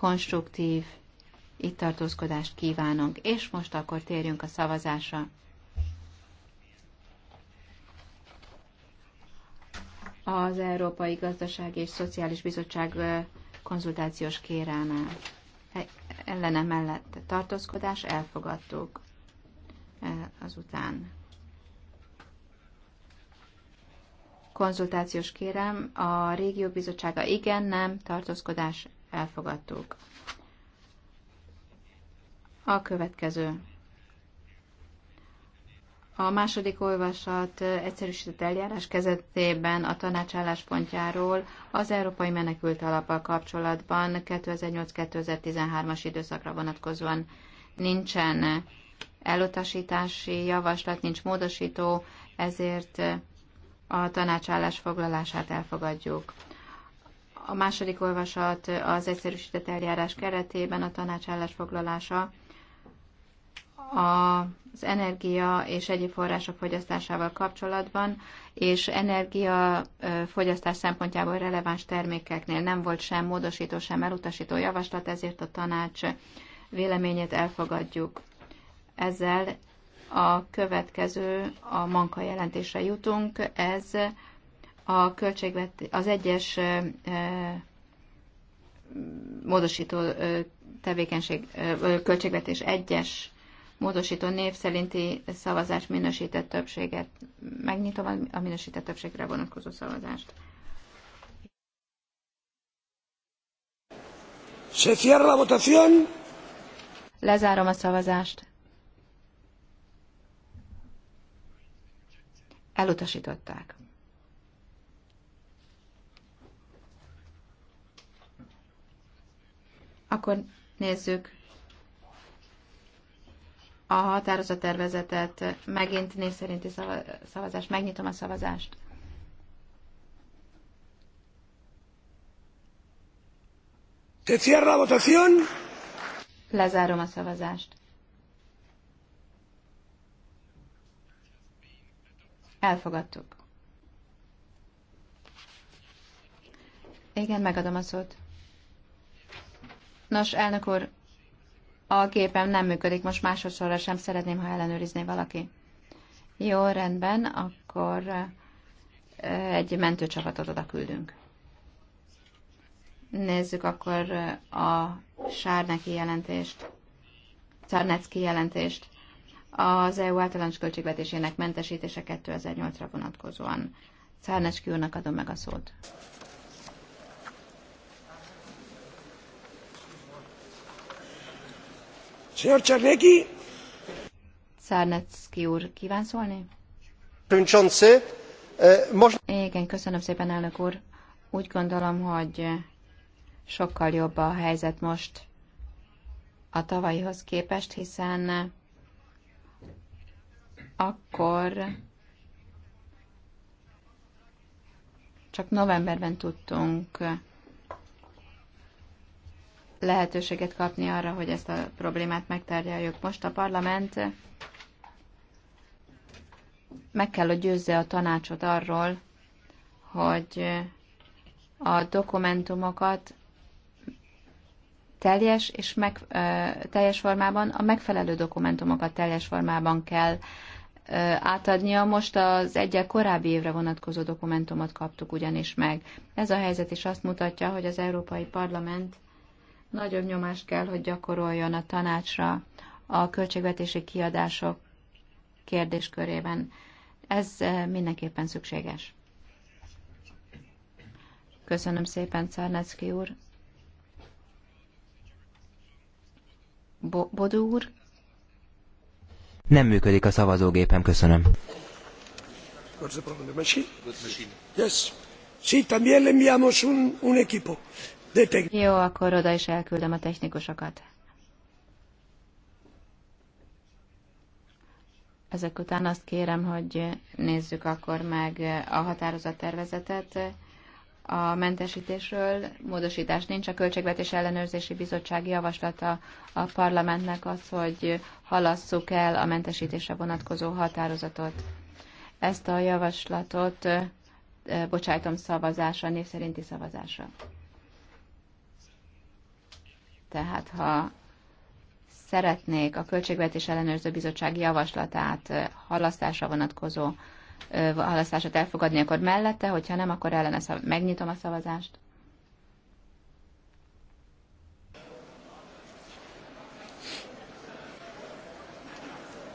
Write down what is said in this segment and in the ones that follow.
konstruktív itt tartózkodást kívánunk. És most akkor térjünk a szavazásra. Az Európai Gazdasági és Szociális Bizottság konzultációs kérelme ellene mellett tartózkodás elfogadtuk azután. Konzultációs kérem, a régió bizottsága igen, nem, tartózkodás elfogadtuk. A következő. A második olvasat egyszerűsített eljárás kezetében a tanács álláspontjáról az Európai Menekült Alappal kapcsolatban 2008-2013-as időszakra vonatkozóan nincsen elutasítási javaslat, nincs módosító, ezért a tanács állásfoglalását elfogadjuk. A második olvasat az egyszerűsített eljárás keretében a tanács állásfoglalása az energia és egyéb források fogyasztásával kapcsolatban, és energia fogyasztás szempontjából releváns termékeknél nem volt sem módosító, sem elutasító javaslat, ezért a tanács véleményét elfogadjuk. Ezzel a következő, a manka jelentésre jutunk. Ez a költségvet, az egyes módosító tevékenység, költségvetés egyes módosító név szerinti szavazás minősített többséget. Megnyitom a minősített többségre vonatkozó szavazást. Se cierra la votación. Lezárom a szavazást. Elutasították. Akkor nézzük a határozattervezetet. Megint név szerinti szavazás. Megnyitom a szavazást. Se cierra votación. Lezárom a szavazást. Elfogadtuk. Igen, megadom a szót. Nos, elnök úr, a gépem nem működik, most másodszorra sem szeretném, ha ellenőrizné valaki. Jó, rendben, akkor eh, egy mentőcsapatot oda küldünk. Nézzük akkor eh, a Sárneki jelentést, Czarnecki jelentést az EU általános költségvetésének mentesítése 2008-ra vonatkozóan. Czarnecki úrnak adom meg a szót. Señor Czarnecki. Szárnecki úr, e, Igen, köszönöm szépen, elnök úr. Úgy gondolom, hogy sokkal jobb a helyzet most a tavalyihoz képest, hiszen akkor csak novemberben tudtunk lehetőséget kapni arra, hogy ezt a problémát megtárgyaljuk. Most a parlament meg kell, hogy győzze a tanácsot arról, hogy a dokumentumokat teljes és meg, teljes formában, a megfelelő dokumentumokat teljes formában kell átadnia. Most az egyel korábbi évre vonatkozó dokumentumot kaptuk ugyanis meg. Ez a helyzet is azt mutatja, hogy az Európai Parlament nagyobb nyomást kell, hogy gyakoroljon a tanácsra a költségvetési kiadások kérdéskörében. Ez eh, mindenképpen szükséges. Köszönöm szépen, Czarnecki úr. Bo- Bodú úr? Nem működik a szavazógépem, köszönöm. Yes. Sí, también le enviamos un, un equipo. Jó, akkor oda is elküldöm a technikusokat. Ezek után azt kérem, hogy nézzük akkor meg a határozattervezetet a mentesítésről. Módosítás nincs. A Költségvetés Ellenőrzési Bizottság javaslata a parlamentnek az, hogy halasszuk el a mentesítésre vonatkozó határozatot. Ezt a javaslatot eh, bocsájtom szavazásra, név szerinti szavazásra. Tehát ha szeretnék a Költségvetés Ellenőrző Bizottság javaslatát halasztásra vonatkozó halasztását elfogadni, akkor mellette, hogyha nem, akkor ellene szav- megnyitom a szavazást.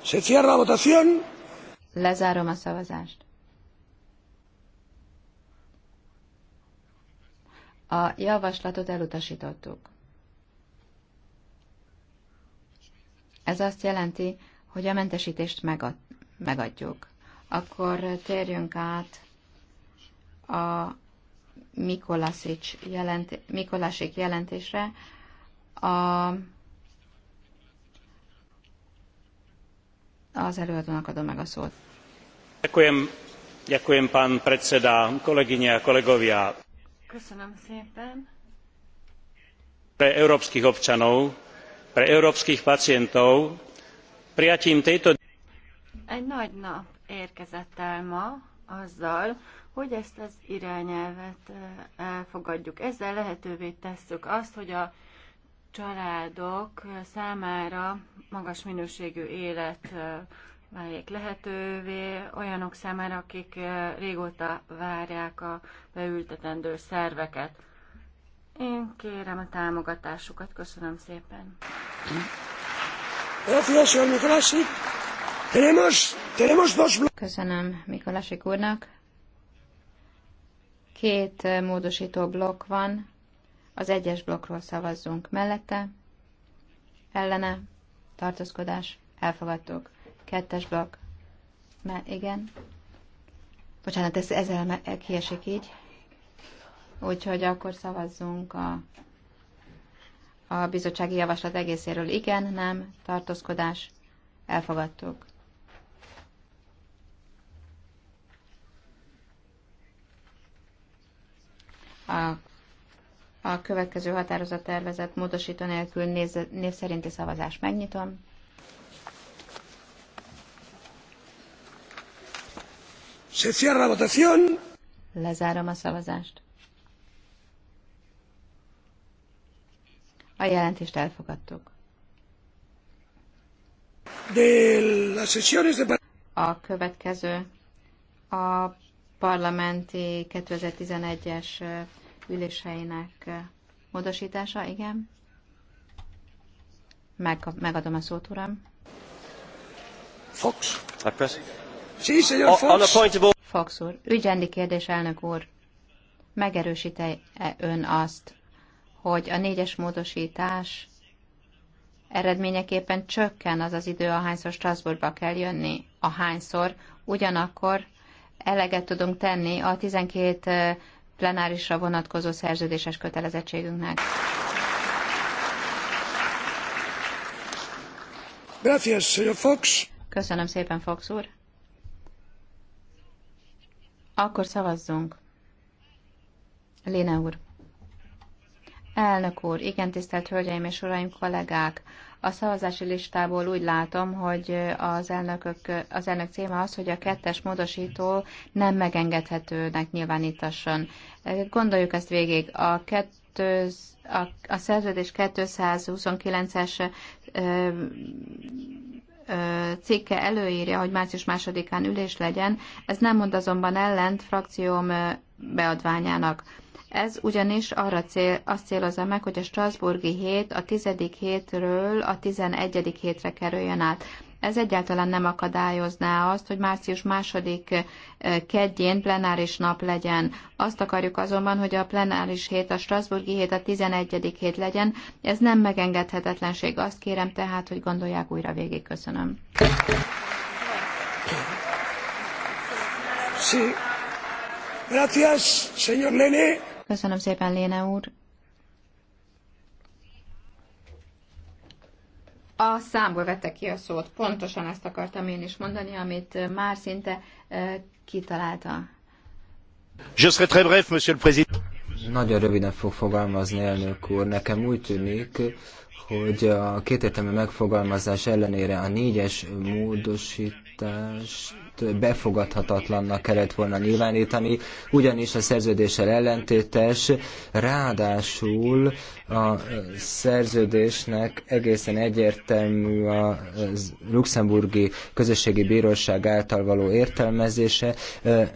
Se cierra votación. Lezárom a szavazást. A javaslatot elutasítottuk. Ez azt jelenti, hogy a mentesítést megad, megadjuk. Akkor térjünk át a Mikolasics jelent, Mikolásik jelentésre. A, az előadónak adom meg a szót. Köszönöm, ďakujem pán predseda, kolegyne a kolegovia. Köszönöm szépen. Pre európskych občanov pre európskych pacientov prijatím tejto egy nagy nap érkezett el ma azzal, hogy ezt az irányelvet elfogadjuk. Ezzel lehetővé tesszük azt, hogy a családok számára magas minőségű élet válik lehetővé, olyanok számára, akik régóta várják a beültetendő szerveket. Én kérem a támogatásukat. Köszönöm szépen. Köszönöm Mikolasik úrnak. Két eh, módosító blokk van. Az egyes blokkról szavazzunk mellette. Ellene. Tartózkodás. Elfogadtuk. Kettes blokk. Mert igen. Bocsánat, ez, ezzel kiesik így. Úgyhogy akkor szavazzunk a, a bizottsági javaslat egészéről. Igen, nem, tartózkodás, elfogadtuk. A, a következő határozattervezet módosító nélkül néz, név szerinti szavazást megnyitom. Se cierra votación. Lezárom a szavazást. A jelentést elfogadtuk. A következő a parlamenti 2011-es üléseinek módosítása, igen. Meg, megadom a szót, uram. Fox. Sí, Fox. Fox úr, ügyendi kérdés, elnök úr. Megerősíte -e ön azt, hogy a négyes módosítás eredményeképpen csökken az az idő, ahányszor Strasbourgba kell jönni, ahányszor, ugyanakkor eleget tudunk tenni a 12 plenárisra vonatkozó szerződéses kötelezettségünknek. Gracias, Fox. Köszönöm szépen, Fox úr. Akkor szavazzunk. Léne úr. Elnök úr, igen, tisztelt Hölgyeim és Uraim, kollégák! A szavazási listából úgy látom, hogy az, elnökök, az elnök címe az, hogy a kettes módosító nem megengedhetőnek nyilvánítasson. Gondoljuk ezt végig. A, kettő, a, a szerződés 229-es cikke előírja, hogy március másodikán ülés legyen. Ez nem mond azonban ellent frakcióm beadványának ez ugyanis arra cél, azt célozza meg, hogy a Strasburgi hét a tizedik hétről a tizenegyedik hétre kerüljön át. Ez egyáltalán nem akadályozná azt, hogy március második eh, kedjén plenáris nap legyen. Azt akarjuk azonban, hogy a plenáris hét, a Strasburgi hét a 11. hét legyen. Ez nem megengedhetetlenség. Azt kérem tehát, hogy gondolják újra végig. Köszönöm. Sí. Gracias, señor Lene. Köszönöm szépen, Léne úr. A számból vette ki a szót. Pontosan ezt akartam én is mondani, amit már szinte eh, kitalálta. Je serai très bref, monsieur le président. Nagyon röviden fog fogalmazni, elnök úr. Nekem úgy tűnik, hogy a kétértelmű megfogalmazás ellenére a négyes módosítást jogot befogadhatatlannak kellett volna nyilvánítani, ugyanis a szerződéssel ellentétes, ráadásul a szerződésnek egészen egyértelmű a luxemburgi közösségi bíróság által való értelmezése,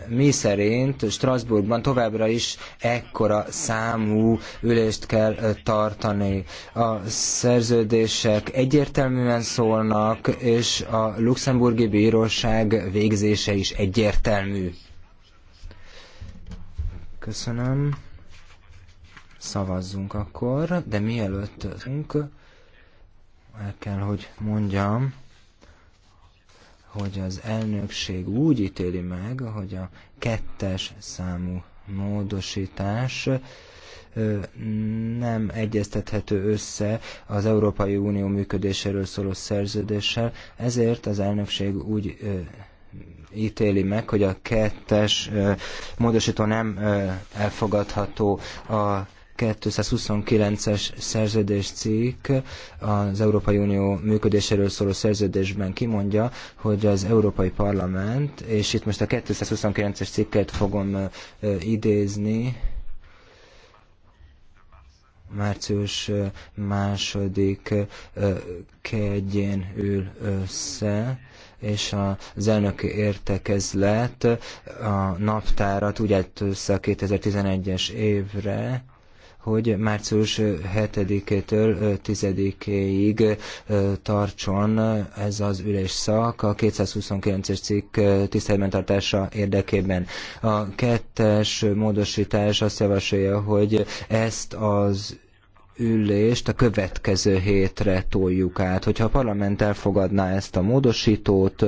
mi szerint Strasbourgban továbbra is ekkora számú ülést kell tartani. A szerződések egyértelműen szólnak, és a luxemburgi bíróság végig végzése is egyértelmű. Köszönöm. Szavazzunk akkor, de mielőtt el kell, hogy mondjam, hogy az elnökség úgy ítéli meg, hogy a kettes számú módosítás nem egyeztethető össze az Európai Unió működéséről szóló szerződéssel, ezért az elnökség úgy ítéli meg, hogy a kettes módosító nem elfogadható a 229-es szerződéscikk az Európai Unió működéséről szóló szerződésben kimondja, hogy az Európai Parlament, és itt most a 229-es cikket fogom idézni, március második kegyén ül össze, és az elnök értekezlet a naptárat úgy állt össze a 2011-es évre, hogy március 7-től 10-ig tartson ez az szak a 229-es cikk tiszteletben tartása érdekében. A kettes módosítás azt javasolja, hogy ezt az ülést a következő hétre toljuk át. Hogyha a parlament elfogadná ezt a módosítót,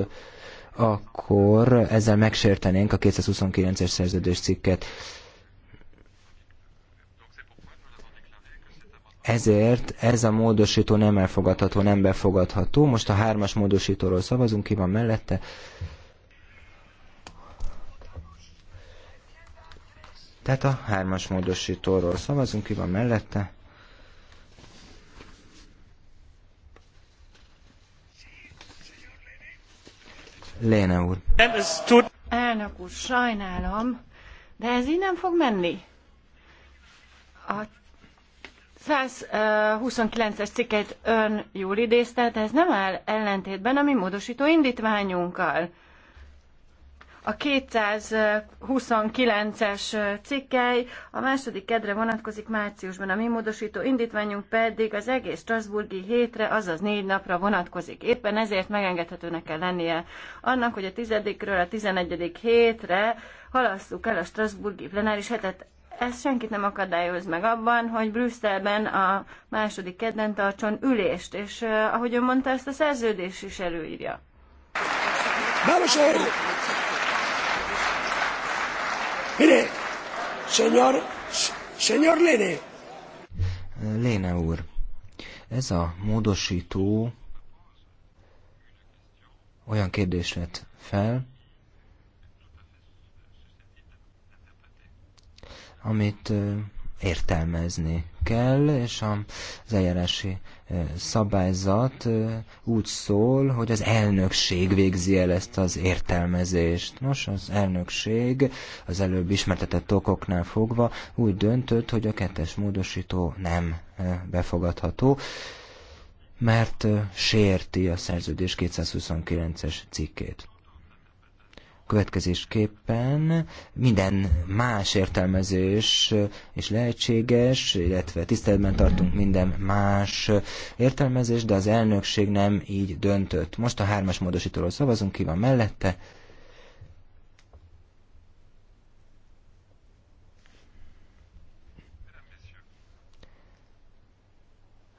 akkor ezzel megsértenénk a 229-es szerződés cikket. Ezért ez a módosító nem elfogadható, nem befogadható. Most a hármas módosítóról szavazunk, ki van mellette. Tehát a hármas módosítóról szavazunk, ki van mellette. Léne úr. Elnök úr, sajnálom, de ez így nem fog menni. A 129-es cikket ön jól idézte, de ez nem áll ellentétben a mi módosító indítványunkkal a 229-es cikkely, a második kedre vonatkozik márciusban, a mi módosító indítványunk pedig az egész Strasburgi hétre, azaz négy napra vonatkozik. Éppen ezért megengedhetőnek kell lennie annak, hogy a tizedikről a tizenegyedik hétre halasszuk el a Strasburgi plenáris hetet. Ez senkit nem akadályoz meg abban, hogy Brüsszelben a második kedden tartson ülést, és ahogy ön mondta, ezt a szerződés is előírja. Vamos Mire, señor, señor Lene. Léne úr, ez a módosító olyan kérdés lett fel, amit értelmezni kell, és az eljárási szabályzat úgy szól, hogy az elnökség végzi el ezt az értelmezést. Nos, az elnökség az előbb ismertetett okoknál fogva úgy döntött, hogy a kettes módosító nem befogadható, mert sérti a szerződés 229-es cikkét. Következésképpen minden más értelmezés és lehetséges, illetve tiszteletben tartunk minden más értelmezés, de az elnökség nem így döntött. Most a hármas módosítóról szavazunk, ki van mellette.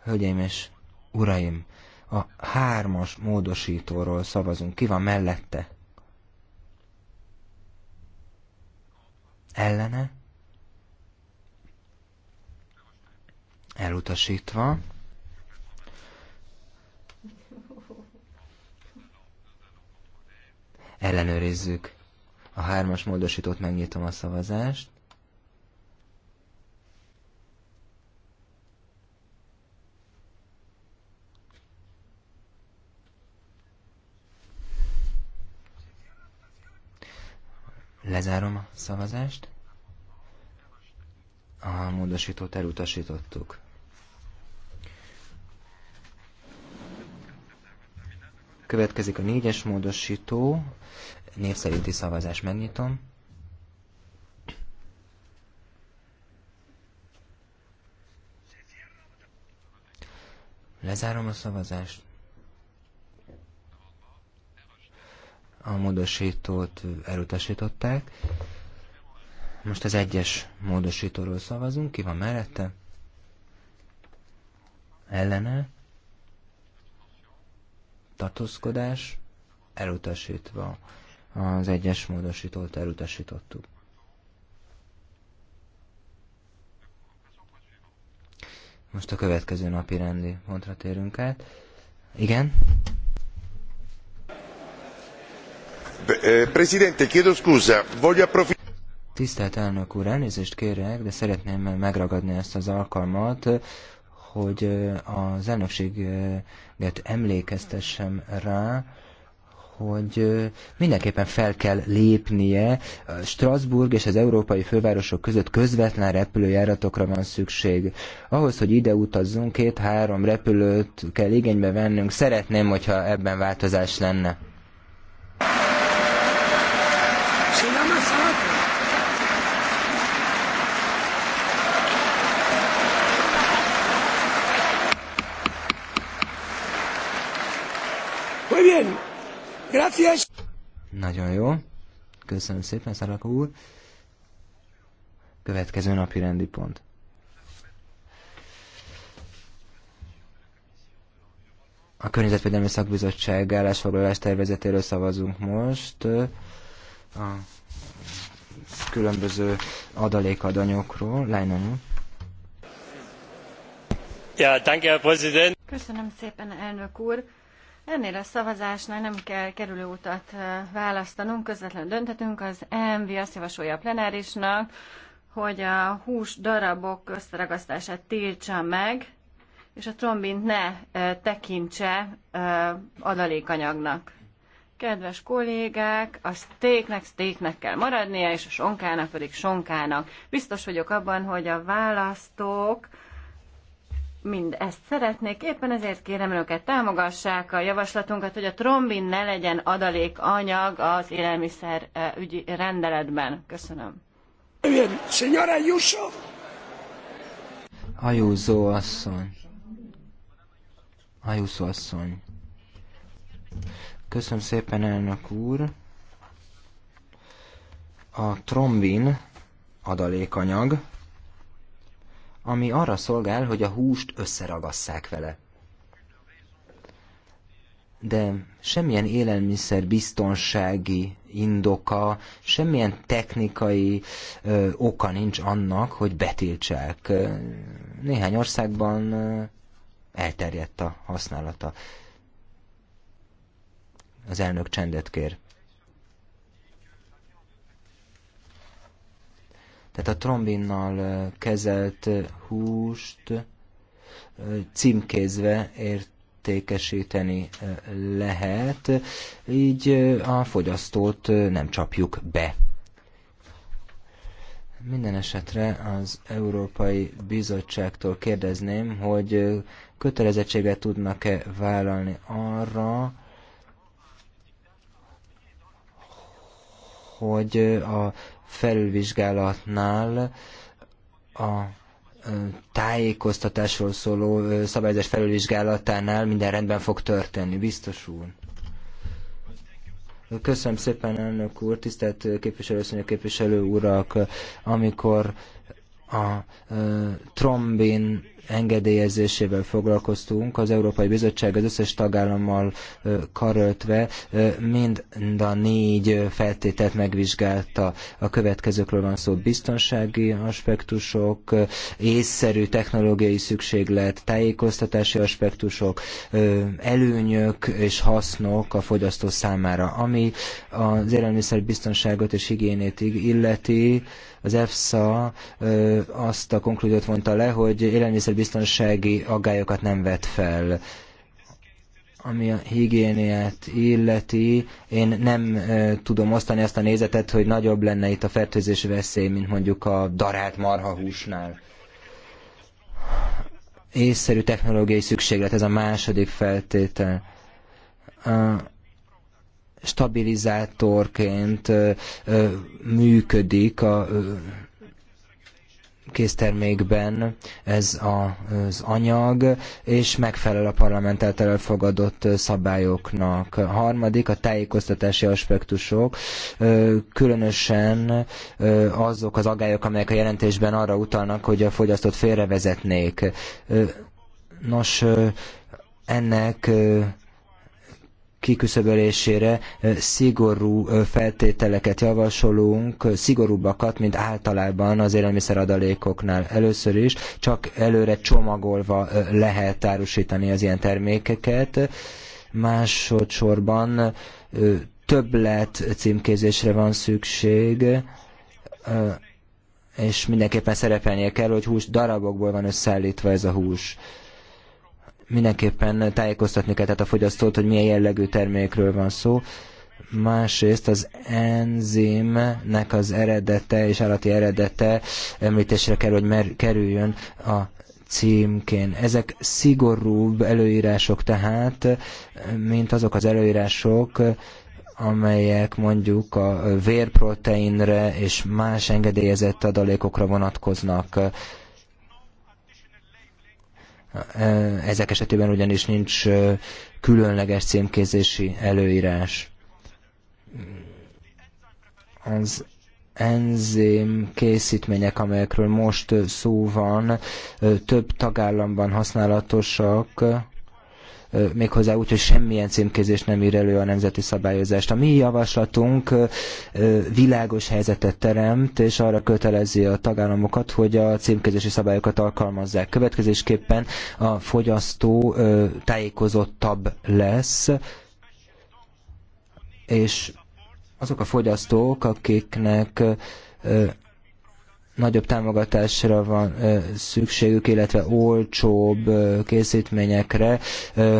Hölgyeim és uraim, a hármas módosítóról szavazunk, ki van mellette? ellene, elutasítva, ellenőrizzük a hármas módosítót, megnyitom a szavazást, Lezárom a szavazást. A módosítót elutasítottuk. Következik a négyes módosító. Név szerinti szavazás megnyitom. Lezárom a szavazást. a módosítót elutasították. Most az egyes módosítóról szavazunk, ki van mellette? Ellene? Tartózkodás? Elutasítva. Az egyes módosítót elutasítottuk. Most a következő napi rendi pontra térünk át. Igen? Eh, Tisztelt elnök úr, elnézést kérek, de szeretném megragadni ezt az alkalmat, hogy eh, az elnökséget emlékeztessem rá, hogy eh, mindenképpen fel kell lépnie. Strasbourg és az európai fővárosok között közvetlen repülőjáratokra van szükség. Ahhoz, hogy ide utazzunk, két-három repülőt kell igénybe vennünk. Szeretném, hogyha ebben változás lenne. Gracias. Nagyon jó. Köszönöm szépen, Szaraka úr. Következő napi rendi pont. A Környezetvédelmi Szakbizottság állásfoglalás tervezetéről szavazunk most. A különböző adalékadanyokról. Lájnon Ja, danke, Herr Präsident. Köszönöm szépen, elnök úr. Ennél a szavazásnál nem kell kerülő utat választanunk, közvetlenül döntetünk. Az MV azt javasolja a plenárisnak, hogy a hús darabok összeragasztását tiltsa meg, és a trombint ne tekintse adalékanyagnak. Kedves kollégák, a steaknek steaknek kell maradnia, és a sonkának pedig sonkának. Biztos vagyok abban, hogy a választók mind ezt szeretnék, éppen ezért kérem önöket támogassák a javaslatunkat, hogy a trombin ne legyen adalék anyag az élelmiszer eh, ügyi rendeletben. Köszönöm. Bien, señora Ayuso. Ayuso asszony. Ayuso asszony. Köszönöm szépen, elnök úr. A trombin adalékanyag, ami arra szolgál, hogy a húst összeragasszák vele. De semmilyen élelmiszer biztonsági indoka, semmilyen technikai ö, oka nincs annak, hogy betiltsák. Néhány országban ö, elterjedt a használata. Az elnök csendet kér. Tehát a trombinnal kezelt húst címkézve értékesíteni lehet, így a fogyasztót nem csapjuk be. Minden esetre az Európai Bizottságtól kérdezném, hogy kötelezettséget tudnak-e vállalni arra, hogy a felülvizsgálatnál a tájékoztatásról szóló szabályozás felülvizsgálatánál minden rendben fog történni, biztos úr. Köszönöm szépen, elnök úr, tisztelt képviselő, képviselő urak, amikor a trombin engedélyezésével foglalkoztunk, az Európai Bizottság az összes tagállammal karöltve mind a négy feltételt megvizsgálta. A következőkről van szó biztonsági aspektusok, észszerű technológiai szükséglet, tájékoztatási aspektusok, előnyök és hasznok a fogyasztó számára. Ami az biztonságot és higiénét illeti, az EFSA azt a konklúziót vonta le, hogy élelmiszerbiztonsági aggályokat nem vet fel ami a higiéniát illeti, én nem tudom osztani azt a nézetet, hogy nagyobb lenne itt a fertőzés veszély, mint mondjuk a darált marhahúsnál. Észszerű technológiai szükséglet, ez a második feltétel. A stabilizátorként működik a késztermékben ez a, az anyag, és megfelel a parlament által elfogadott szabályoknak. A harmadik, a tájékoztatási aspektusok, különösen azok az agályok, amelyek a jelentésben arra utalnak, hogy a fogyasztót félrevezetnék. Nos, ennek kiküszöbölésére szigorú feltételeket javasolunk, szigorúbbakat, mint általában az élelmiszeradalékoknál. Először is csak előre csomagolva lehet árusítani az ilyen termékeket, másodszorban többlet címkézésre van szükség, és mindenképpen szerepelnie kell, hogy hús darabokból van összeállítva ez a hús mindenképpen tájékoztatni kell tehát a fogyasztót, hogy milyen jellegű termékről van szó. Másrészt az enzimnek az eredete és állati eredete említésre kell, hogy mer- kerüljön a címkén. Ezek szigorúbb előírások tehát, mint azok az előírások, amelyek mondjuk a vérproteinre és más engedélyezett adalékokra vonatkoznak. Ezek esetében ugyanis nincs különleges címkézési előírás. Az enzim készítmények, amelyekről most szó van, több tagállamban használatosak, méghozzá úgy, hogy semmilyen címkézés nem ír elő a nemzeti szabályozást. A mi javaslatunk világos helyzetet teremt, és arra kötelezi a tagállamokat, hogy a címkézési szabályokat alkalmazzák. Következésképpen a fogyasztó tájékozottabb lesz, és azok a fogyasztók, akiknek nagyobb támogatásra van szükségük, illetve olcsóbb készítményekre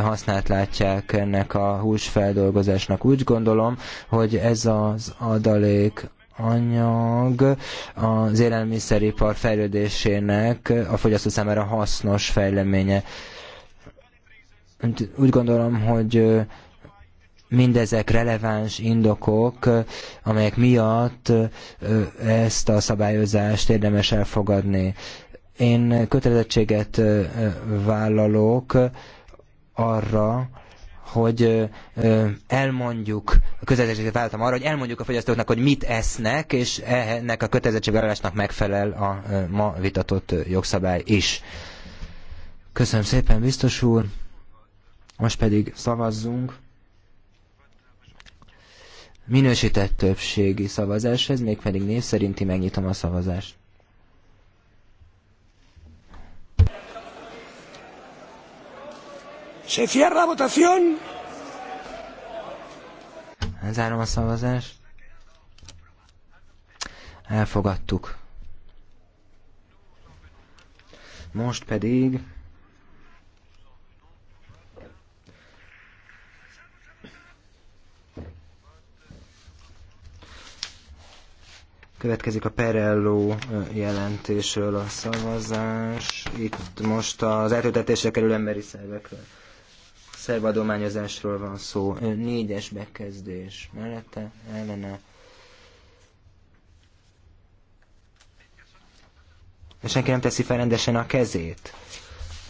hasznát látják ennek a húsfeldolgozásnak. Úgy gondolom, hogy ez az adalék anyag az élelmiszeripar fejlődésének a fogyasztó számára hasznos fejleménye. Úgy gondolom, hogy mindezek releváns indokok, amelyek miatt ezt a szabályozást érdemes elfogadni. Én kötelezettséget vállalok arra, hogy elmondjuk, a kötelezettséget vállaltam arra, hogy elmondjuk a fogyasztóknak, hogy mit esznek, és ennek a kötelezettségvállalásnak megfelel a ma vitatott jogszabály is. Köszönöm szépen, biztos úr! Most pedig szavazzunk minősített többségi szavazás, mégpedig név szerinti megnyitom a szavazást. Se cierra a votación. Zárom a szavazást. Elfogadtuk. Most pedig Következik a Perello jelentésről a szavazás. Itt most az eltöltetésre kerül emberi szervekről. Szervadományozásról van szó. Négyes bekezdés mellette, ellene. Senki nem teszi fel rendesen a kezét.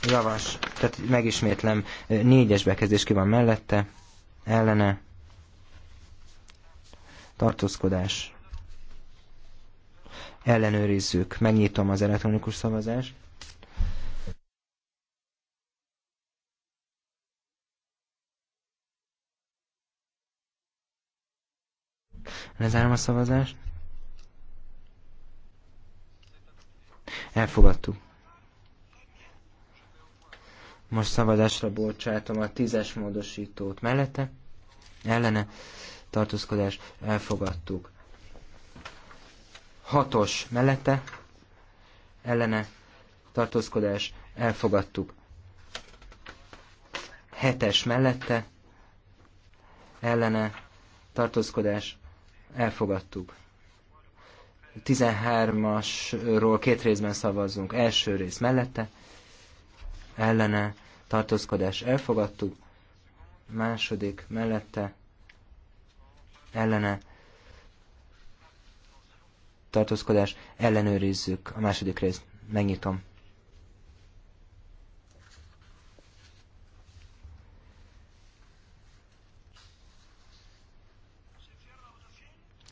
Javas, tehát megismétlem, négyes bekezdés ki van mellette, ellene, tartózkodás, ellenőrizzük. Megnyitom az elektronikus szavazást. Lezárom a szavazást. Elfogadtuk. Most szavazásra bocsátom a tízes módosítót mellette. Ellene tartózkodás elfogadtuk hatos mellette ellene tartózkodás elfogadtuk. Hetes mellette ellene tartózkodás elfogadtuk. 13-asról két részben szavazzunk. Első rész mellette ellene tartózkodás elfogadtuk. Második mellette ellene tartózkodás, ellenőrizzük a második részt. Megnyitom.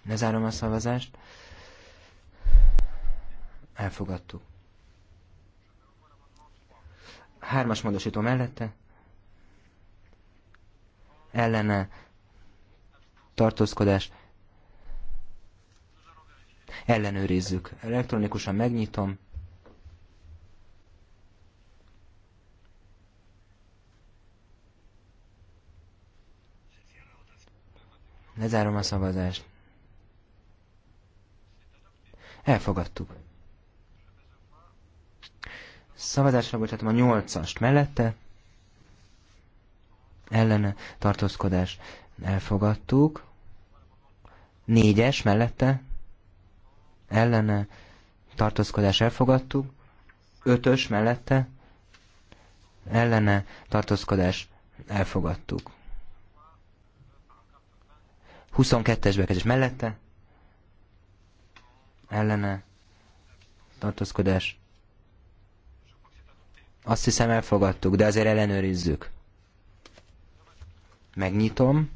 Lezárom a szavazást. Elfogadtuk. Hármas módosító mellette. Ellene tartózkodás Ellenőrizzük. Elektronikusan megnyitom. Lezárom a szavazást. Elfogadtuk. Szavazásra bocsátom a nyolcast mellette. Ellene tartózkodás. Elfogadtuk. Négyes mellette ellene tartózkodás elfogadtuk, ötös mellette ellene tartózkodás elfogadtuk. 22-es bekezdés mellette ellene tartózkodás. Azt hiszem elfogadtuk, de azért ellenőrizzük. Megnyitom.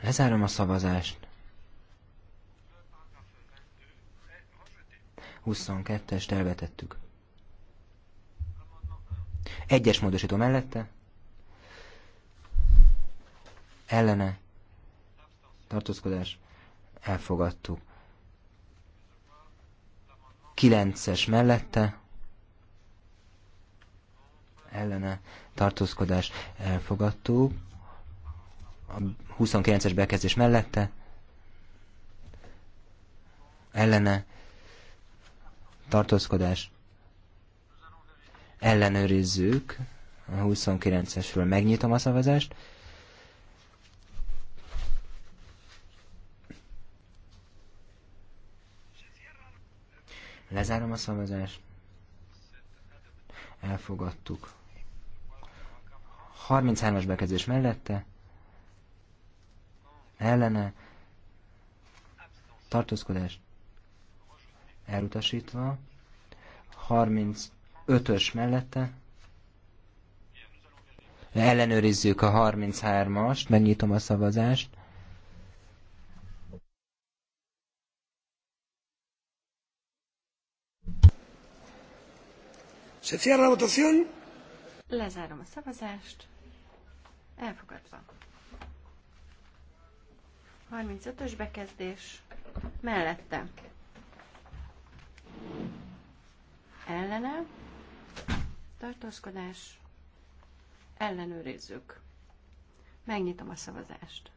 Lezárom a szavazást. 22-est elvetettük. Egyes módosító mellette. Ellene. Tartózkodás. Elfogadtuk. 9-es mellette. Ellene. Tartózkodás. Elfogadtuk a 29-es bekezdés mellette, ellene, tartózkodás, ellenőrizzük, a 29-esről megnyitom a szavazást, Lezárom a szavazást. Elfogadtuk. 33-as bekezdés mellette ellene tartózkodás elutasítva, 35-ös mellette, ellenőrizzük a 33-ast, megnyitom a szavazást, Se cierra la votación. Lezárom a szavazást. Elfogadva. 35-ös bekezdés mellette. Ellene. Tartózkodás. Ellenőrizzük. Megnyitom a szavazást.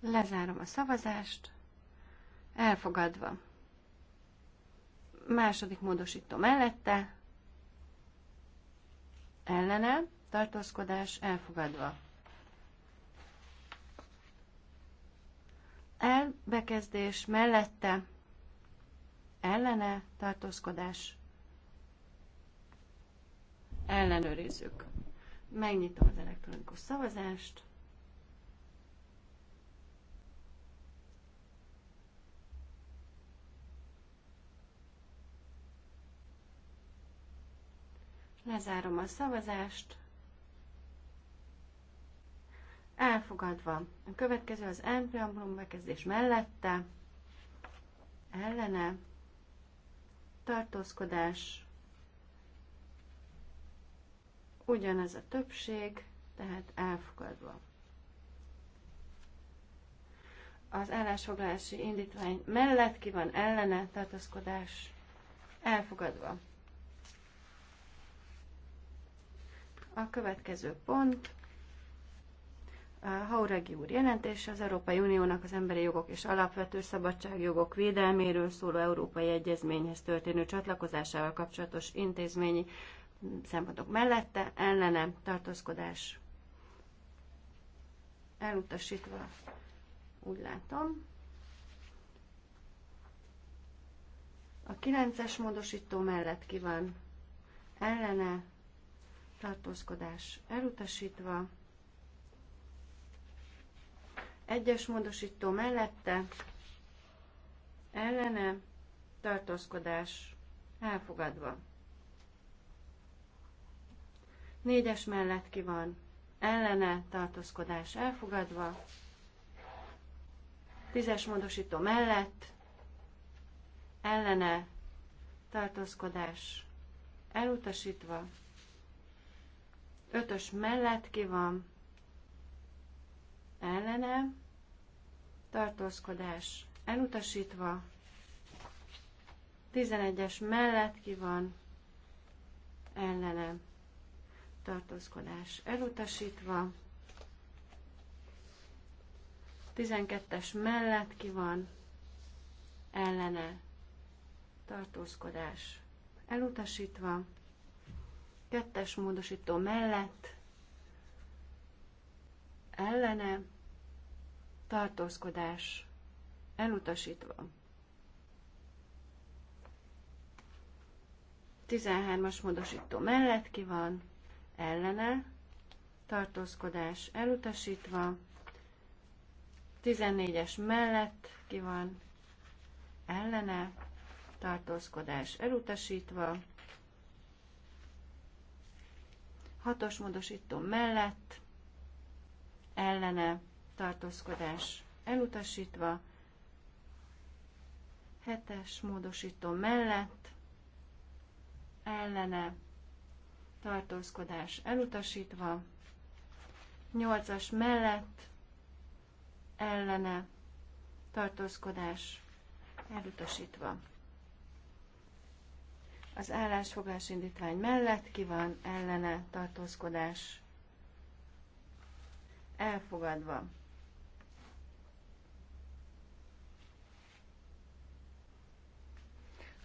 Lezárom a szavazást. Elfogadva. Második módosító mellette ellene, tartózkodás elfogadva. Elbekezdés mellette, ellene, tartózkodás ellenőrizzük. Megnyitom az elektronikus szavazást. Lezárom a szavazást. Elfogadva. A következő az M preambulum bekezdés mellette. Ellene. Tartózkodás. Ugyanez a többség, tehát elfogadva. Az állásfoglalási indítvány mellett ki van ellene tartózkodás elfogadva. A következő pont. Hauregi úr jelentése az Európai Uniónak az emberi jogok és alapvető szabadságjogok védelméről szóló Európai Egyezményhez történő csatlakozásával kapcsolatos intézményi szempontok mellette, ellene tartózkodás elutasítva, úgy látom. A 9-es módosító mellett ki van ellene tartózkodás elutasítva, egyes módosító mellette, ellene, tartózkodás elfogadva. Négyes mellett ki van, ellene, tartózkodás elfogadva, tízes módosító mellett, ellene, tartózkodás elutasítva, Ötös mellett ki van ellene, tartózkodás elutasítva, 11-es mellett ki van ellene, tartózkodás elutasítva, 12-es mellett ki van ellene, tartózkodás elutasítva, Kettes módosító mellett ellene tartózkodás elutasítva. 13-as módosító mellett ki van, ellene, tartózkodás elutasítva, 14-es mellett ki van, ellene, tartózkodás elutasítva, Hatos módosító mellett ellene tartózkodás elutasítva, hetes módosító mellett ellene tartózkodás elutasítva, nyolcas mellett ellene tartózkodás elutasítva. Az állásfogás indítvány mellett ki van ellene tartózkodás elfogadva.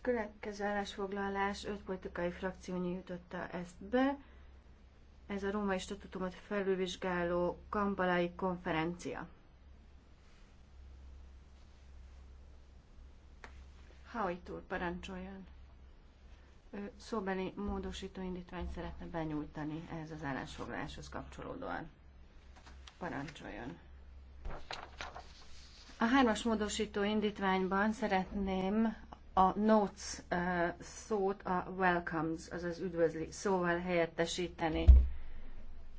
következő állásfoglalás öt politikai frakció nyújtotta ezt be. Ez a római statutumot felülvizsgáló Kampalai konferencia. Hajtúr, parancsoljon! szóbeli módosító indítványt szeretne benyújtani ehhez az állásfoglaláshoz kapcsolódóan. Parancsoljon! A hármas módosító indítványban szeretném a notes szót a welcomes, azaz üdvözli szóval helyettesíteni.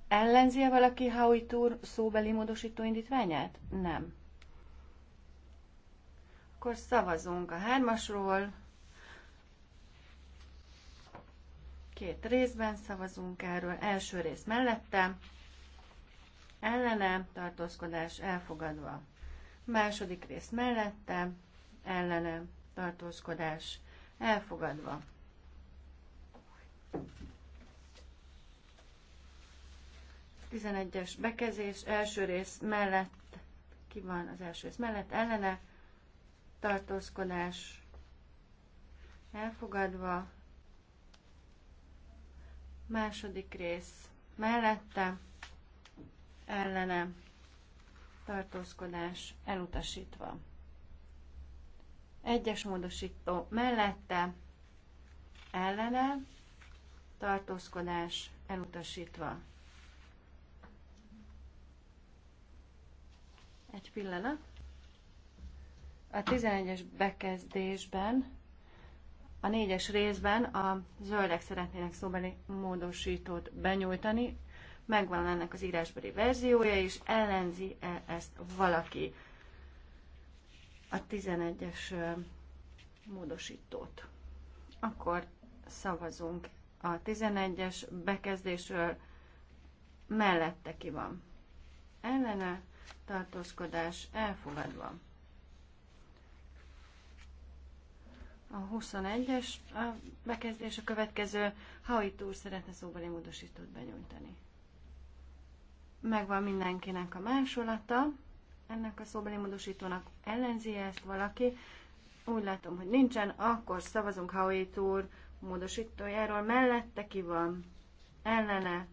ellenzi -e valaki Howie Tour szóbeli módosító indítványát? Nem. Akkor szavazunk a hármasról, Két részben szavazunk erről. Első rész mellette, ellene, tartózkodás elfogadva. Második rész mellette, ellene, tartózkodás elfogadva. Tizenegyes bekezés, első rész mellett, ki van az első rész mellett, ellene, tartózkodás elfogadva Második rész mellette ellene tartózkodás elutasítva. Egyes módosító mellette ellene tartózkodás elutasítva. Egy pillanat. A 11-es bekezdésben a négyes részben a zöldek szeretnének szóbeli módosítót benyújtani, megvan ennek az írásbeli verziója, és ellenzi -e ezt valaki a 11-es módosítót. Akkor szavazunk a 11-es bekezdésről, mellette ki van. Ellene tartózkodás elfogadva. A 21-es a bekezdés a következő. Hajt úr szeretne szóbeli módosítót benyújtani. Megvan mindenkinek a másolata. Ennek a szóbeli módosítónak ellenzi ezt valaki. Úgy látom, hogy nincsen, akkor szavazunk Hajt úr módosítójáról. Mellette ki van? Ellene?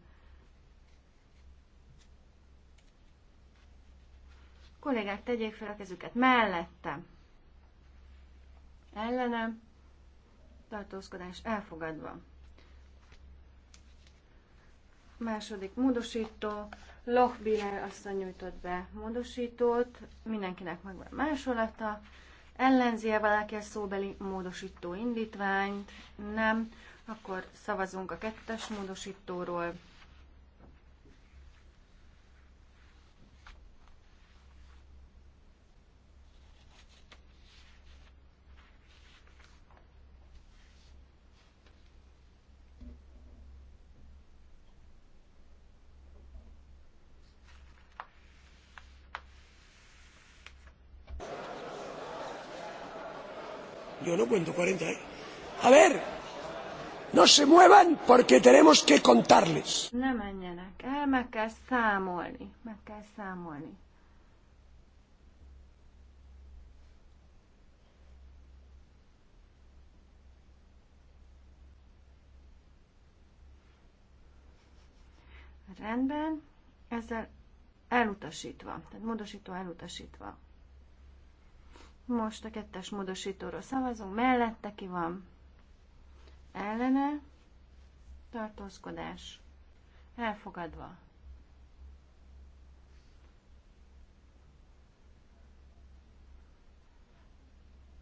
Kollégák, tegyék fel a kezüket. Mellette ellene, tartózkodás elfogadva. Második módosító, Biller asszony nyújtott be módosítót, mindenkinek megvan másolata, ellenzi-e valaki a szóbeli módosító indítványt, nem, akkor szavazunk a kettes módosítóról yo no cuento cuarenta años. ¿eh? A ver, no se muevan porque tenemos que contarles. Ne mañana, el, meg kell számolni, meg Rendben, ezzel elutasítva, tehát módosító elutasítva. Most a kettes módosítóról szavazunk, mellette ki van, ellene, tartózkodás, elfogadva.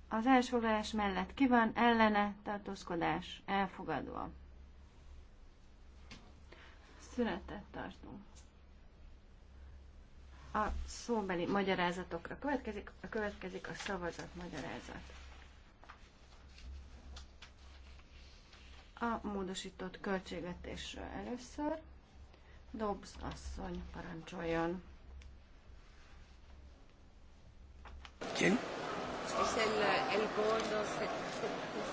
Az elsfoglalás mellett ki van, ellene, tartózkodás, elfogadva. Szünetet tartunk. A szóbeli magyarázatokra következik, a következik a szavazat magyarázat. A módosított költségvetésről először Dobbs asszony parancsoljon. ¿Quién? Es el, el bono